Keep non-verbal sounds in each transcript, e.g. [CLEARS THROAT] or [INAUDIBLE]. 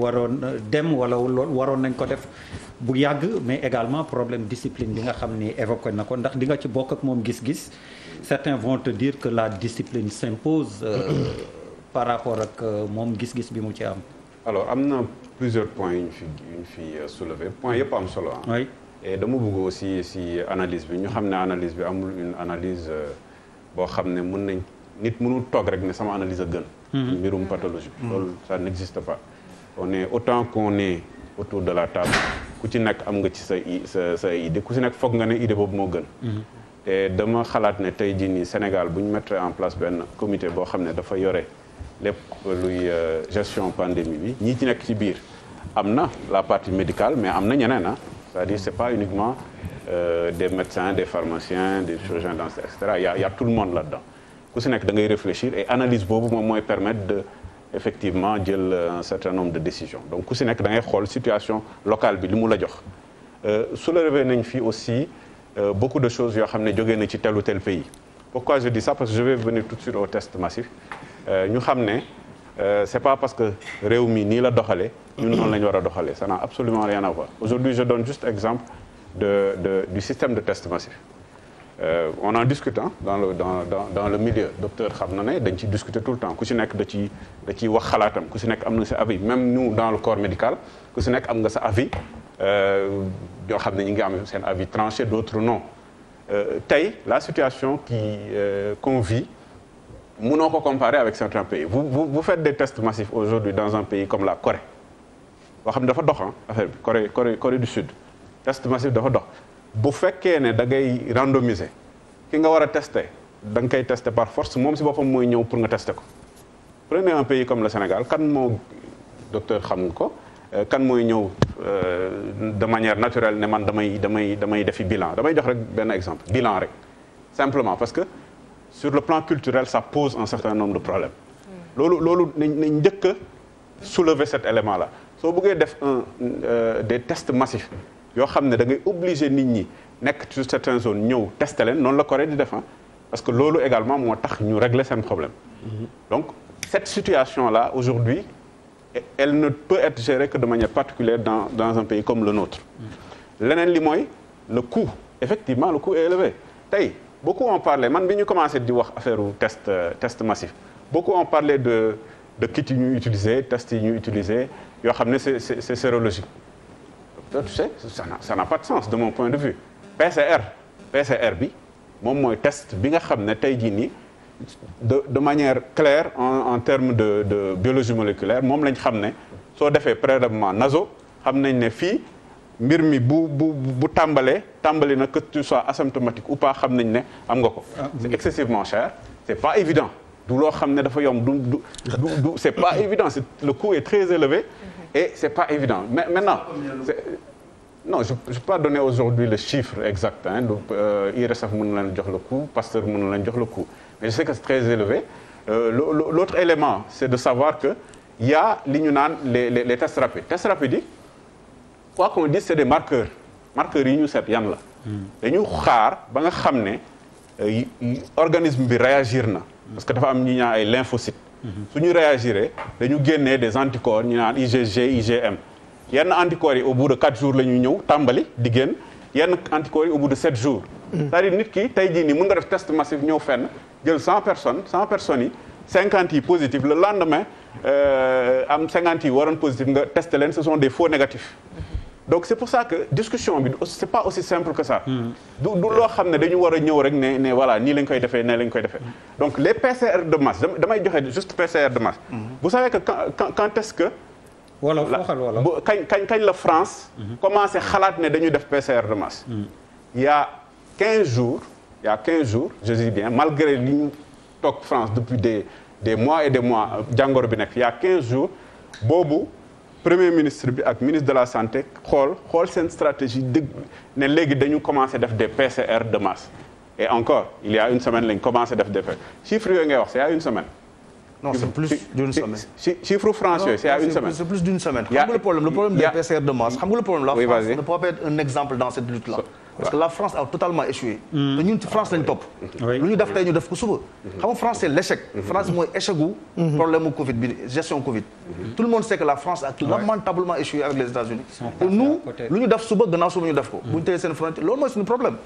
waroon euh, dem wala waroon nañ ko def bu yàgg mais également problème discipline bi nga xam ni évoqué na ko ndax di nga ci bokk ak moom gis-gis certains vont te dire que la discipline s'impose euh, [CLEARS THROAT] par rapport ak euh, moom gis-gis bi mu ci am alors am na plusieurs points yu ñu fi yu ñu fi yëpp am solo ah dama bëgg aussi si analyse bi ñu xam ne analyse bi amul une analyse boo xam ne mën nañ nit mënul toog rek ne sama analyse a gën mhm. mbirum pathologie mhm. loolu on est autant qu'on est autour de la table ku ci nekk am nga ci sa sa sa idée ku ci nekk foog nga ne idée boobu moo gën. Mhm. te dama xalaat ne tey jii nii Sénégal bu ñu mettre en place benn comité boo xam ne dafa yore lépp luy euh, gestion pandémie bi ñii ci nekk ci biir am na la partie médicale mais am na ñeneen ah c'est-à-dire c'est pas uniquement euh, des médecins des pharmaciens des chirurgiens dentistes et cetera tout le monde là-dedans ku ci nekk da ngay réfléchir et analyse boobu moom mooy permettre de. effectivement jël euh, un certain nombre de décisions donc ku si nekk dangay xool situation locale bi li mu la jox euh, soulevé nañ fii aussi euh, beaucoup de choses yoo xam ne jógee na ci tel ou tel pays pourquoi je dis ça parce que je vais venir tout de suite test massif ñu xam ne c'est pas parce que réew mi nii la doxalee ñun noonu la war a doxalee ça n'a absolument rien à voir aujourd'hui juste exemple de du système de test massif Euh, on en discute hein, dans le dans dans dans le milieu docteur xam na ne dañ ci discuter tout le temps ku si nekk da ciy wax xalaatam ku si nekk am na si avis même nu dans le corps médical ku si nekk am nga sa avis ñoo euh, xam ne ñu ngi am seen avis tranché d'autres non euh, tey la situation qui qu'on vit mënoo ko comparer avec certains pays vous vous vous faites des tests massifs aujourd'hui dans un pays comme la Corée boo xam ne dafa dox ah affaire bi Corée Corée Corée du Sud test massif dafa dox. bu fekkee ne da ngay randomiser ki nga war a teste da nga koy tester par force moom si boppam mooy ñëw pour nga teste ko prenez un pays comme le Sénégal kan moo docteur xam nga ko euh, kan mooy ñëw euh, de manière naturelle ne man damay damay damay defi bilan damay jox rek benn exemple bilan rek simplement parce que sur le plan culturel ça pose un certain nombre de problème mm. loolu loolu nañ nañ njëkk a soulever cet élément la soo buggee def un euh, des tests massifs yoo xam ne dangay ngay obligé nit ñi nekk ci certaine zone ñëw testé leen noonu la Corée di def ah. parce que loolu également moo tax ñu régler seen problème mm-hmm. donc cette situation la aujourd'hui elle ne peut être gérée que de manière particulière dans dans un pays comme le nôtre mm-hmm. leneen li mooy le coût effectivement le coût est élevé tey beaucoup ont parlé man bi ñu commencé di wax affaire test test massif beaucoup ont parlé de de kit yi ñuy utiliser test yi ñu utiliser yoo xam ne c'est donc tu sais ça n'a pas de sens de mon point de vue PCR bi moom mooy test bi nga xam ne tey jii nii de de manière claire en en termes de de biologie moléculaire moom lañ xam ne soo defee prélèvement naso xam nañ ne fii mbir mi bu bu bu tàmbalee tàmbali na que tu sois asymptomatique ou pas xam nañ ne am nga ko. Ah, c'est excessivement cher c'est pas évident. du loo xam ne dafa yomb du du c'est pas évident c'est le coût est très élevé et c'est pas évident mais maintenant non je je peux pas donner aujourd'hui le chiffre exact hein donc euh, IRSF mën na jox le coût Pasteur mën na leen jox le coût mais je sais que c'est très élevé euh, l'autre élément c'est de savoir que y a li ñu naan les les les tests rapides tests rapides yi quoi c'est des marqueurs marqueurs yi ñu seet yan la hmm. dañu xaar ba nga xam ne euh, organisme bi réagir na parce que dafa am ñu ñaa ay lymphocytes. Mhm. su ñu réagiré dañu génnee des anticorps ñu naan IgG IgM yenn anticorps yi au bout de quatre jours la ñuy ñëw tàmbali di génn yenn anticorps yi au bout de sept jours. Mm. cest à nit ki tey jii nii mën nga def test massif ñëw fenn jël cent personne cent personnes yi cinquante yi positif le lendemain euh, am cinquante yi waroon positif nga testé leen ce sont des faux négatifs. donc c' est pour ça que discussion bi c' est pas aussi simple que ça. Mm-hmm. du loo xam ne dañu war a ñëw rek ne ne voilà nii lañ koy defee ne lañ koy defee. Mm-hmm. donc les PCR de masse damay joxe juste PCR de masse. Mm-hmm. vous savez que quand quand est ce wala waxal wala kañ kañ kañ la France. commencé xalaat ne dañu def PCR de masse. il y a 15 jours. il y a 15 jours je dis bien malgré li ñu toog France depuis des mois et des mois euh, jàngoro bi nekk il y a 15 jours boobu. premier ministre bi ak ministre de la santé xool xool seen stratégie dëgg ne léegi dañu commencé def des PCR de masse et encore il y a une semaine lañ commencé def des chiffres yooyu ngay wax c'est il une semaine non c'est plus d'une semaine. chiffre franc yooyu c'est à une semaine. c'est plus d'une semaine. xam nga le problème le problème des PCR de masse. xam nga le problème la France ne peut pas être un exemple dans cette lutte là. parce que la France a totalement échoué. Hmm. te ñun France lañ topp. lu ñu def tey ñu def ko suba. xam nga France c'est l'échec. Hmm. France mooy échec gu. Hmm. problème mu Covid bi gestion Covid. tout le monde sait que la France a lamentablement échoué avec les États-Unis te nous lu ñu def suba gannaaw suba ñu def ko. bu ñu tëjee seen frontière loolu mooy suñu problème.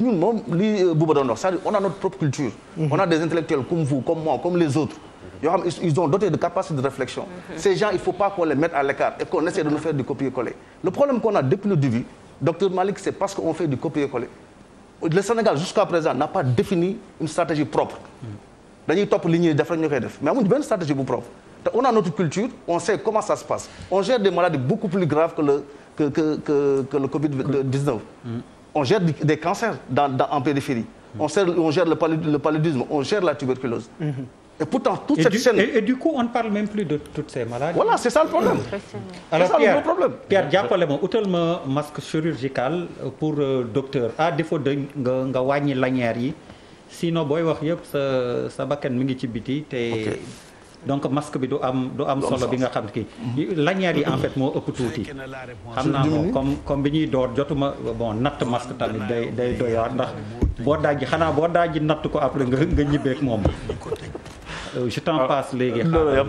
ñun moom li Bouba doon wax c'est-à-dire on a notre propre culture. on a des intellectuels comme vous comme moi comme les autres. yoo xam ils ont doté de capacité de réflexion ces gens il faut pas qu'on les mette à l'écart et qu'on essaie de nous faire du copier-coller le problème qu'on a depuis le début docteur Malick c'est parce qu'on fait du copier-coller le Sénégal jusqu'à présent n'a pas défini une stratégie propre dañuy topp li ñuy def rek ñu koy def mais amuñu benn stratégie bu on a notre gère des cancers dans, dans périphérie on, gère le paludisme on gère la tuberculose Et pourtant, toute et cette du, chaîne... Et, et, du coup, on parle même plus de toutes ces maladies. Voilà, c'est ça le problème. Pierre, jàppale ma utal ma masque chirurgical pour euh, docteur à ah, défaut de nga nga wàññi lanière yi sino booy wax yëpp sa sa bakkan mi ngi ci biti te donc masque bi du am du am solo bi nga xam ne kii lanière yi en fait moo ëpp tuuti xam naa moom comme comme bi ñuy door jotuma bon natt masque tamit day day doyaat ndax boo daaj xanaa boo daaj natt ko après nga nga ñibbeek moom Euh, je t'en ah. passe léegi. non non a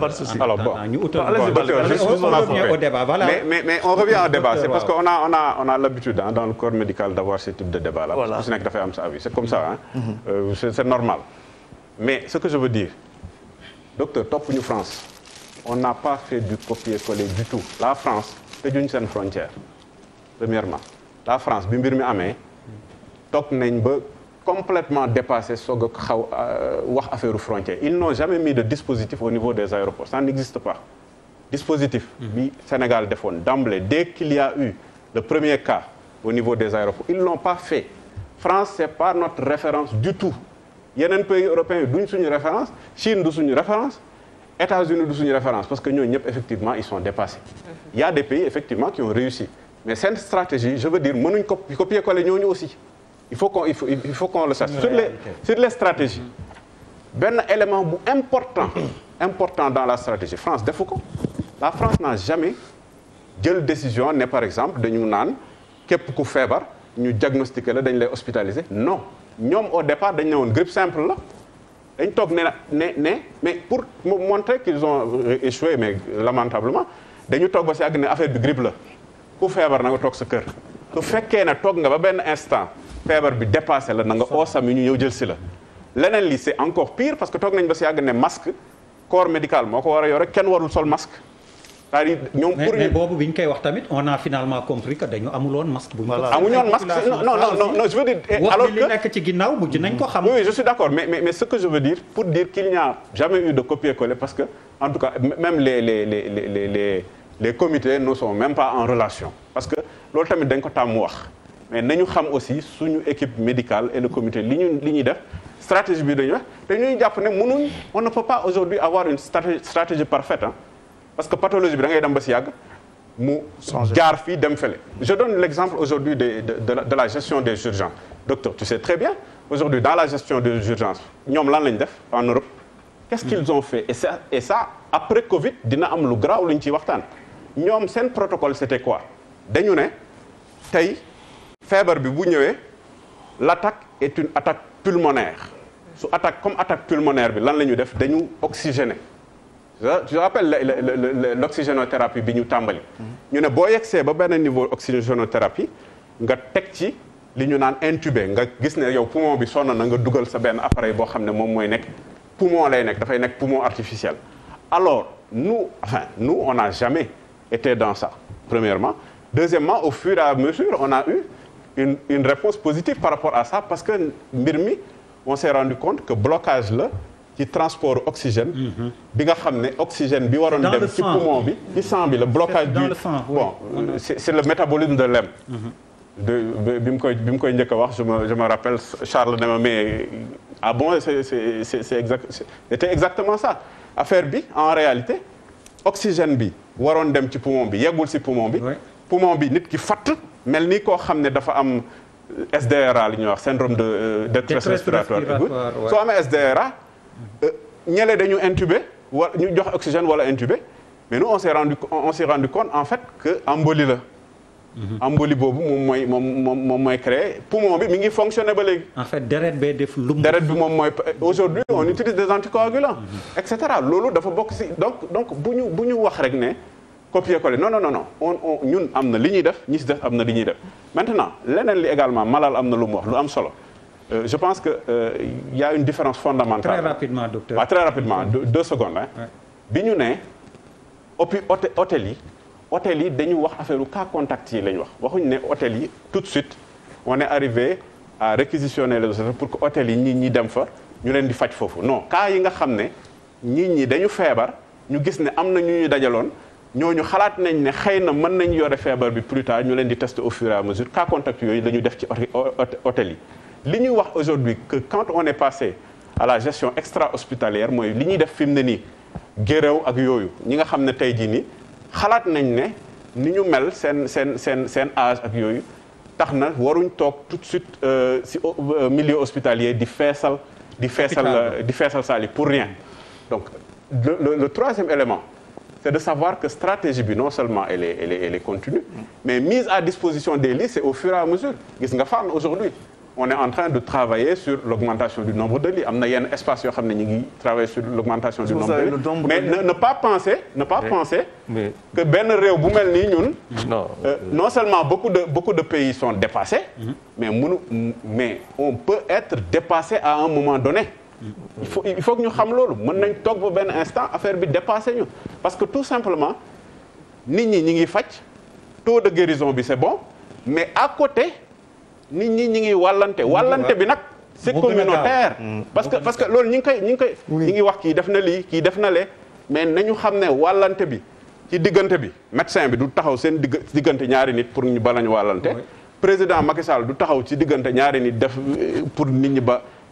mais on revient au débat c'est parce que on a on a on a l'habitude hein, dans le corps médical d'avoir ce type de débat là. voilà nekk dafay am sa avis c'est comme ça mm-hmm. euh, c'est normal. mais ce que je veux dire docteur topp ñu France on n'a pas fait du copier-coller du tout la France tëjuñ seen frontière la France bi mbir mi amee toog nañ complètement dépassé soog a xaw euh, wax affaire frontière ils n'ont jamais mis de dispositif au niveau des aéroports ça n'existe pas dispositif mhm. bi Sénégal defoon d'emblée dès qu'il y a eu premier cas au niveau des aéroports ils l'ont pas fait France c'est pas notre référence du tout yeneen pays européens yi duñ suñu référence Chine du suñu référence États-Unis du suñu référence parce que ñooñu ñëpp effectivement ils sont dépassés mhm. il y a des pays effectivement aussi il faut qu'on il faut, il faut qu'on le benn élément bu important important dans la stratégie France defu ko la France n'a jël décision ne par exemple dañu naan képp ku feebar ñu diagnostiqué la dañ lay hospitaliser non ñoom au départ dañ ne woon grippe la dañ toog ne ne ne mais pour montrer qu'ils ont échoué mais lamentablement dañu toog ba si àgg ne affaire bi grippe la ku feebar na nga toog sa kër su fekkee ne toog nga ba benn instant feebar bi dépassé la na nga oo SAMU ñu ñëw jël si la leneen li c'est encore pire parce que toog nañ ba si yàgg ne masque corps médical moo ko war a yore kenn warul sol masque cest à ñu que dañu amuloon masque. bu ñu ko amuñoon masque nekk ci ginnaaw mujj nañ ko xam. mais ce que je veux dire pour dire qu'il a jamais eu de copier-coller parce que en tout cas même les les les les les les comités ne sont même pas en relation parce que loolu tamit dañ ko tàmm wax. mais nañu xam aussi suñu équipe médicale et le comité li ñu li ñuy def stratégie bi dañuy wax te ñuy jàpp ne mënuñ on ne peut pas aujourd'hui avoir une stratégie parfaite ah parce que pathologie bi da ngay ba si yàgg mu jaar fii dem fële je donne l'exemple aujourd'hui de, de, la gestion des urgences docteur tu sais très bien aujourd'hui dans la gestion des urgences ñoom lan lañ def en Europe qu'est-ce qu'ils ont fait et ça après Covid dina am lu garaaw lu ñu ciy waxtaan ñoom seen protocole quoi dañu ne tey feebar bi bu ñëwee l'attaque et une attaque pulmonaire su attaque comme attaque pulmonaire bi lan la ñu def dañu oxygéné je rappelle l'oxygénothérapie bi ñu tàmbali mm-hmm. ñu ne boo yegsee ba benn niveau oxygénothérapie nga teg ci li ñu naan intubé nga gis ne yow poumon bi sonn na nga dugal sa benn appareil boo xam ne moom mooy nekk poumon lay nekk dafay nekk poumon artificiel alors nous enfin nu on n'a jamais été dans ça premièrement deuxièmement au fur et à mesure une une réponse positive par rapport à sa parce que mbir mi on s'est rendu compte que blocage la ci transport oxygène. Mhm. bi nga xam ne oxygène bi waroon dem. ci poumon bi ci sang bi la blocage. du bon euh, c'est le métabolisme de l'hème. Mhm. bi mu koy bi mu koy njëkk a wax je me je me rappelle Charles ne ma mais ah bon c'est c'est exactement ça affaire bi en réalité oxygène bi waroon dem ci poumon bi yeggul ci poumon bi. poumon bi nit ki fatt mel ni koo xam ne dafa am euh, SDRA li ñuy wax syndrome de euh, détresse respiratoire mhm. aiguë soo amee SDRA euh, ñele dañu intubé ñu jox oxygène wala intubé mais nous on s'est rendu on s'est compte en fait que embolie la mhm. embolie boobu moom mooy moom moom moom mooy créé poumon bi mu ngi fonctionner ba léegi. en fait deret bee def lumb. deret bi moom mooy aujourd'hui on utilise des anticoagulants. Mhm. et cetera loolu dafa bokk si donc donc bu ñu bu ñu wax rek ne. copier coller non non non non on ñun am na li ñuy def ñi si def am na li ñuy def maintenant leneen li également malal am na lu mu wax lu am solo euh, je pense que euh, y a une différence fondamentale. très rapidement docteur waaw ah, très rapidement deux secondes bi ñu ne opi hôtel yi hôtel yi dañu wax affaire u cas contact yi la ñu wax waxuñ ne hôtel yi tout de suite on est arrivé à réquisitionner les hôtels pour que hôtel yi nit ñi dem fa ñu leen di faj foofu non cas yi nga xam ne nit ñi dañu feebar ñu gis ne am na ñu ñu dajaloon ñooñu xalaat nañ ne xëy na mën nañ yore feebar bi plus tard ñu leen di tester au fur et à mesure cas contact yooyu la ñu def ci hôtel yi li ñuy wax aujourd'hui que quand on est passé à la gestion extra hospitalière mooy li ñuy def fi mu ne nii gérew ak yooyu ñi nga xam ne tey jii nii xalaat nañ ne ni ñu mel seen seen seen seen âge ak yooyu tax na waruñ toog tout de suite euh, si euh, milieu hospitalier di feesal di feesal di feesal saal pour rien donc le le troisième élément c'est de savoir que stratégie bi non seulement elle est continue mais mise à disposition des lits c'est au fur et à mesure gis nga fànn aujourd'hui on est en train de travailler sur l'augmentation du nombre de lits am na yenn espace yoo xam ne ñu ngi travailler sur l'augmentation du nombre de lits mais ne, ne pas penser que benn réew bu mel nii ñun euh, euh, non seulement beaucoup de beaucoup de pays sont dépassés mm mais mënu mais on peut être dépassé à un moment donné il faut il faut ñu xam loolu mën nañ toog ba benn instant affaire bi dépassé ñu parce que tout simplement nit ñi ñi ngi faj taux de guérison bi c'est bon mais à côté nit ñi ñi ngi wàllante wàllante bi nag c'est communautaire mm, parce que parce que loolu ñi ngi koy ñi ngi koy ñi ngi wax kii def na lii kii def na lee mais ñu xam ne wàllante bi ci diggante bi médecin bi du taxaw seen diggante ñaari nit pour ñu balañ wàllante président Macky Sall taxaw ci diggante ñaari nit def pour nit ñi ba